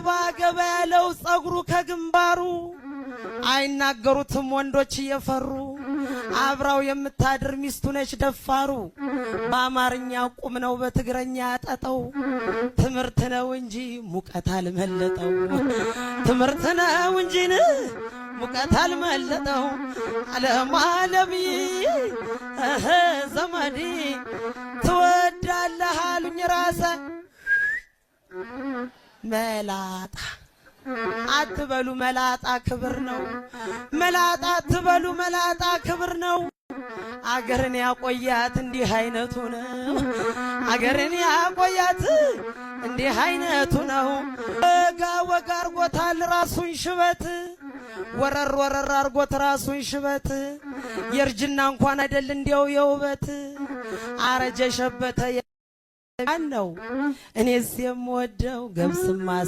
ገባ ገባ ያለው ጸጉሩ ከግንባሩ አይናገሩትም ወንዶች እየፈሩ አብራው የምታድር ሚስቱ ነች ደፋሩ። በአማርኛ ቁም ነው በትግረኛ ያጠጠው ትምህርት ነው እንጂ ሙቀት አልመለጠው። ትምህርት ነው እንጂ ሙቀት አልመለጠው። አለም አለም ዘመዴ ትወዳለህ አሉኝ ራሰ መላጣ አትበሉ። መላጣ ክብር ነው። መላጣ አትበሉ። መላጣ ክብር ነው። አገርን ያቆያት እንዲህ አይነቱ ነው። አገርን ያቆያት እንዲህ አይነቱ ነው። ወጋ ወጋ አርጎታል ራሱን ሽበት፣ ወረር ወረር አርጎት ራሱን ሽበት። የእርጅና እንኳን አይደል እንዲያው የውበት አረጀ ሸበተ I know. Mm-hmm. And it's your more dough, give some more. Mm-hmm.